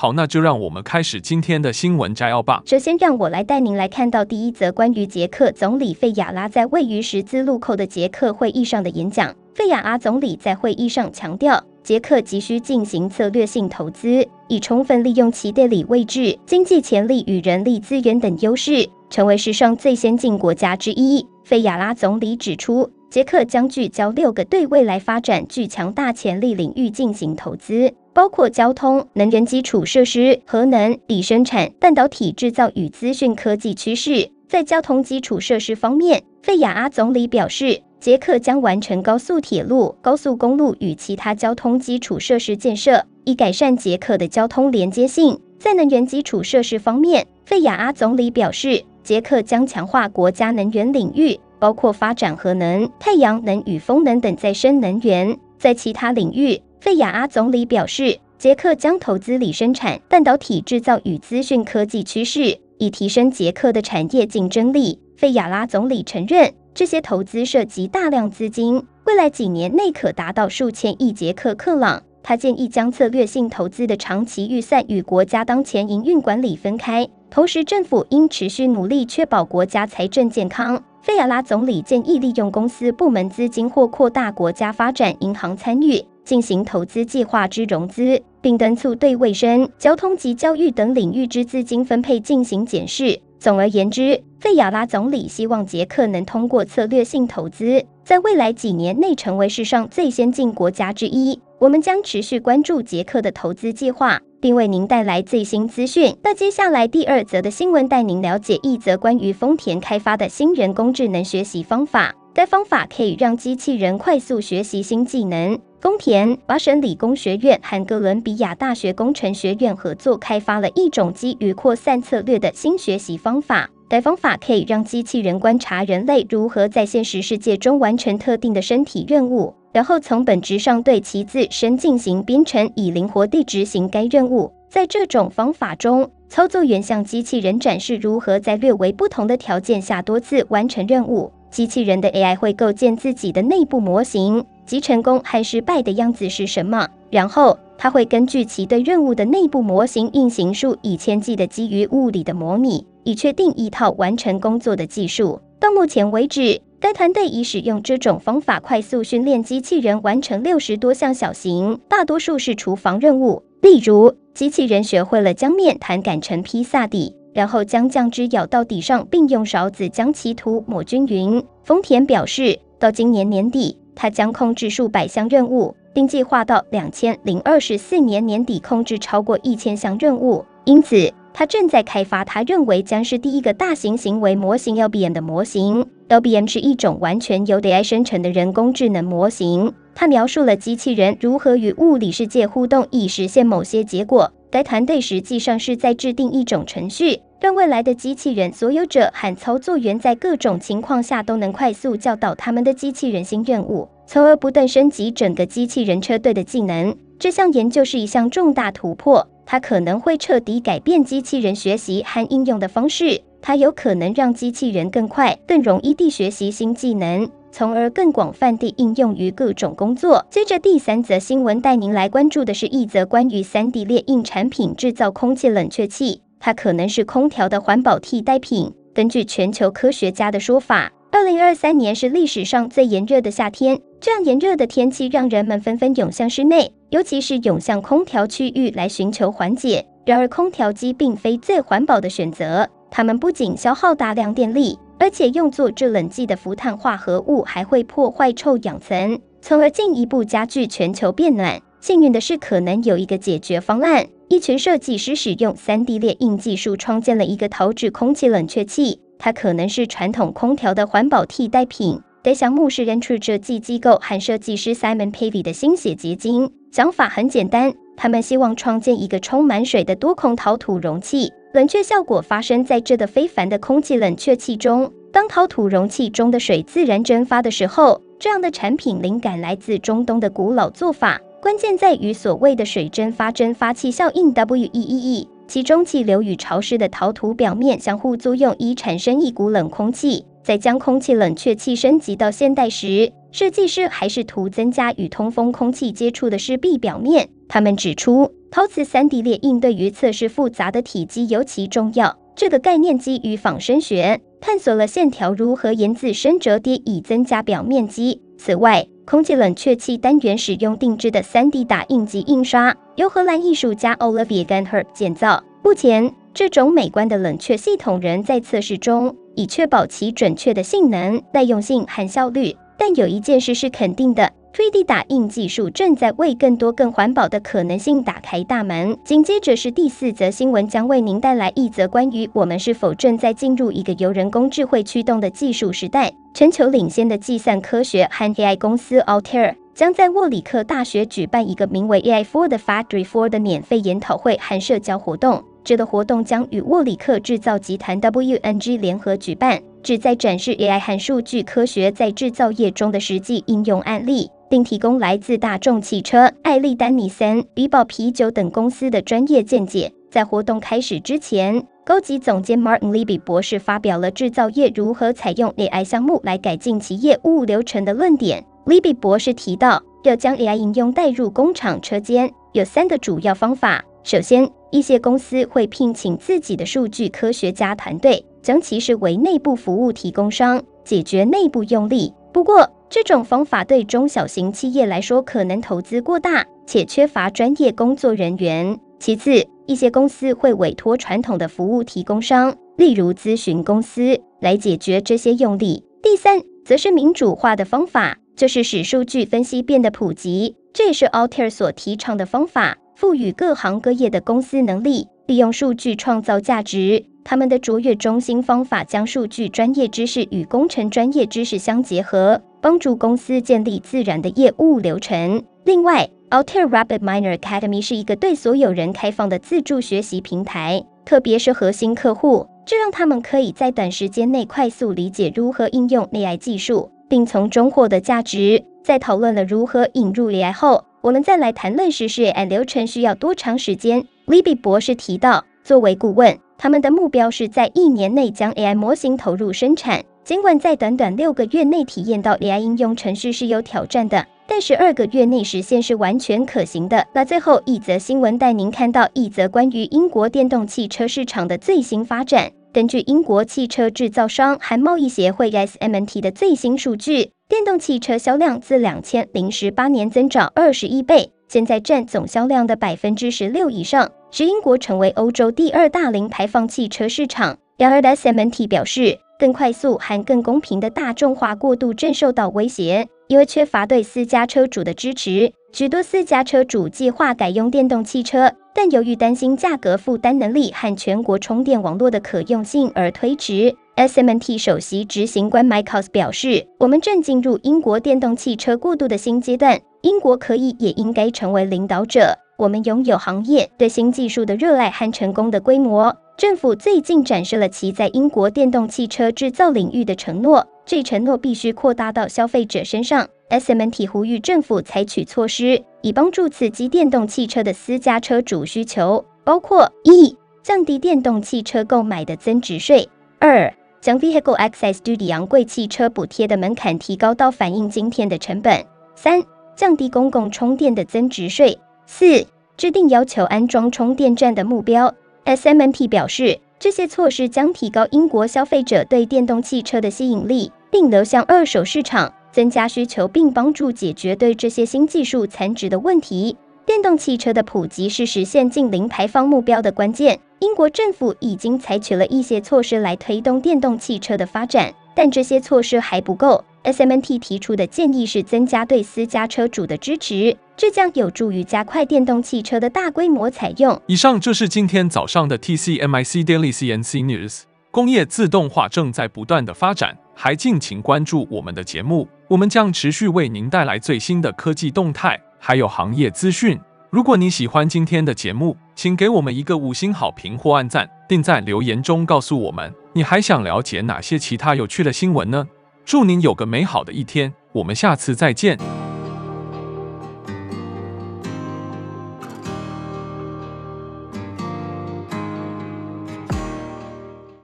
好，那就讓我們開始今天的新聞摘要吧。首先，讓我來帶您來看到第一則關於捷克總理費亞拉在位於十字路口的捷克會議上的演講。費亞拉總理在會議上強調，捷克急需進行策略性投資，以充分利用其地理位置、經濟潛力與人力資源等優勢，成為世上最先進國家之一。費亞拉總理指出，捷克將聚焦六個對未來發展具強大潛力領域進行投資。包括交通、能源基礎設施、核能、鋰生產、半導體製造與資訊科技趨勢。在交通基礎設施方面，費亞拉總理表示，捷克將完成高速鐵路、高速公路與其他交通基礎設施建設，以改善捷克的交通連接性。在能源基礎設施方面，費亞拉總理表示，捷克將強化國家能源領域，包括發展核能、太陽能與風能等再生能源。在其他領域。費亞拉總理表示，捷克將投資理生產半導體制造與資訊科技趨勢，以提升捷克的產業競爭力。費亞拉總理承認，這些投資涉及大量資金，未來幾年內可達到數千億捷克克朗。他建議將策略性投資的長期預算與國家當前營運管理分開，同時政府應持續努力確保國家財政健康。費亞拉總理建議利用公司部門資金或擴大國家發展銀行參與。進行投資計劃之融資，並敦促對衛生、交通及教育等領域之資金分配進行檢視。總而言之，費亞拉總理希望捷克能通過策略性投資，在未來幾年內成為世上最先進國家之一。我們將持續關注捷克的投資計劃，並為您帶來最新資訊。那接下來第二則的新聞帶您了解一則關於豐田開發的新人工智能學習方法。該方法可以讓機器人快速學習新技能。豐田、麻省理工學院和哥倫比亞大學工程學院合作開發了一種基於擴散策略的新學習方法。該方法可以讓機器人觀察人類如何在現實世界中完成特定的身體任務，然後從本質上對其自身進行編程，以靈活地執行該任務。在這種方法中，操作員向機器人展示如何在略微不同的條件下多次完成任務。機器人的 AI 會構建自己的內部模型，即成功還是失敗的樣子是什麼。然後，它會根據其對任務的內部模型運行數以千計的基於物理的模擬，以確定一套完成工作的技術。到目前為止，該團隊已使用這種方法快速訓練機器人完成六十多項小型，大多數是廚房任務。例如，機器人學會了將麵團擀成披薩底，然後將醬汁舀到底上，並用勺子將其塗抹均勻。豐田表示，到今年年底，它將控制數百項任務，並計劃到兩千零二十四年年底控制超過一千項任務。因此，他正在開發他認為將是第一個大型行為模型 （LBM） 的模型。LBM 是一種完全由 AI 生成的人工智能模型。他描述了機器人如何與物理世界互動，以實現某些結果。該團隊實際上是在制定一種程序，讓未來的機器人所有者和操作員在各種情況下都能快速教導他們的機器人新任務，從而不斷升級整個機器人車隊的技能。這項研究是一項重大突破，它可能會徹底改變機器人學習和應用的方式。它有可能讓機器人更快、更容易地學習新技能。從而更廣泛地應用於各種工作。接着第三則新聞，帶您來關注的是一則關於 3D 列印產品製造空氣冷卻器，它可能是空調的環保替代品。根據全球科學家的說法，2023年是歷史上最炎熱的夏天。這樣炎熱的天氣讓人們紛紛湧向室內，尤其是湧向空調區域來尋求緩解。然而，空調機並非最環保的選擇，它們不僅消耗大量電力。而且，用作製冷劑的氟碳化合物還會破壞臭氧層，從而進一步加劇全球變暖。幸運的是，可能有一個解決方案。一群設計師使用 3D 列印技術創建了一個陶製空氣冷卻器，它可能是傳統空調的環保替代品。該項目是人處設計機構和設計師 Simon Pavey 的心血結晶。想法很簡單，他們希望創建一個充滿水的多孔陶土容器。冷卻效果發生在這個非凡的空氣冷卻器中。當陶土容器中的水自然蒸發的時候，這樣的產品靈感來自中東的古老做法。關鍵在於所謂的水蒸發蒸發器效應 （WEEE），其中氣流與潮濕的陶土表面相互作用，以產生一股冷空氣。在將空氣冷卻器升級到現代時，設計師還試圖增加與通風空氣接觸的濕壁表面。他們指出。陶瓷三 D 列印對於測試複雜的體積尤其重要。這個概念基於仿生學，探索了線條如何沿自身折疊以增加表面積。此外，空氣冷卻器單元使用定制的三 D 打印機印刷，由荷蘭藝術家 Olivier Ganhert 建造。目前，這種美觀的冷卻系統仍在測試中，以確保其準確的性能、耐用性和效率。但有一件事是肯定的。3D 打印技術正在為更多更環保的可能性打開大門。緊接着是第四則新聞，將為您帶來一則關於我們是否正在進入一個由人工智慧驅動的技術時代。全球領先的計算科學和 AI 公司 Altair 將在沃里克大學舉辦一個名為 AI for 的 Factory for 的免費研討會和社交活動。這個活動將與沃里克制造集團 WNG 聯合舉辦，旨在展示 AI 和數據科學在制造業中的實際應用案例。並提供來自大眾汽車、艾利丹尼森、比寶啤酒等公司的專業見解。在活動開始之前，高級總監 Martin Libby 博士發表了製造業如何採用 AI 項目來改進其業務流程的論點。Libby 博士提到，要將 AI 應用帶入工廠車間，有三個主要方法。首先，一些公司會聘請自己的數據科學家團隊，將其視為內部服務提供商，解決內部用例。不過，這種方法對中小型企業來說可能投資過大，且缺乏專業工作人員。其次，一些公司會委託傳統的服務提供商，例如諮詢公司，來解決這些用例。第三，則是民主化的方法，就是使數據分析變得普及。這也是 Altair 所提倡的方法，賦予各行各業的公司能力，利用數據創造價值。他們的卓越中心方法將數據專業知識與工程專業知識相結合。幫助公司建立自然的業務流程。另外，Altair RapidMiner Academy 是一個對所有人開放的自助學習平台，特別是核心客戶，這讓他們可以在短時間內快速理解如何應用 AI 技術，並從中獲得價值。在討論了如何引入 AI 後，我們再來談論實施 AI 流程需要多長時間。Libby 博士提到，作為顧問，他們的目標是在一年內將 AI 模型投入生產。儘管在短短六個月內體驗到 AI 應用程序是有挑戰的，但十二個月內實現是完全可行的。那最後一則新聞帶您看到一則關於英國電動汽車市場的最新發展。根據英國汽車制造商和貿易協會 SMT 的最新數據，電動汽車銷量自兩千零十八年增長二十一倍，現在占總銷量的百分之十六以上，使英國成為歐洲第二大零排放汽車市場。然而，SMT 表示，更快速和更公平的大眾化過渡正受到威脅，因為缺乏對私家車主的支持。許多私家車主計劃改用電動汽車，但由於擔心價格負擔能力和全國充電網絡的可用性而推遲。SMMT 首席執行官 Michael 表示：“我們正進入英國電動汽車過渡的新階段。英國可以，也應該成為領導者。我們擁有行業對新技術的熱愛和成功的規模。”政府最近展示了其在英國電動汽車制造領域的承諾，這一承諾必須擴大到消費者身上。SMT 呼籲政府採取措施，以幫助刺激電動汽車的私家車主需求，包括一、降低電動汽車購買的增值稅；二、將 Vehicle Access Duty（ 昂貴汽車補貼）的門檻提高到反映今天的成本；三、降低公共充電的增值稅；四、制定要求安裝充電站的目標。SMT 表示，這些措施將提高英國消費者對電動汽車的吸引力，並流向二手市場，增加需求，並幫助解決對這些新技術殘值的問題。電動汽車的普及是實現近零排放目標的關鍵。英國政府已經採取了一些措施來推動電動汽車的發展，但這些措施還不夠。SMT 提出的建議是增加對私家車主的支持。這將有助於加快電動汽車的大規模採用。以上就是今天早上的 TCMIC Daily CNC News。工業自動化正在不斷的發展，還敬請關注我們的節目，我們將持續為您帶來最新的科技動態，還有行業資訊。如果你喜歡今天的節目，請給我們一個五星好評或按贊，並在留言中告訴我們你還想了解哪些其他有趣的新聞呢？祝您有個美好的一天，我們下次再見。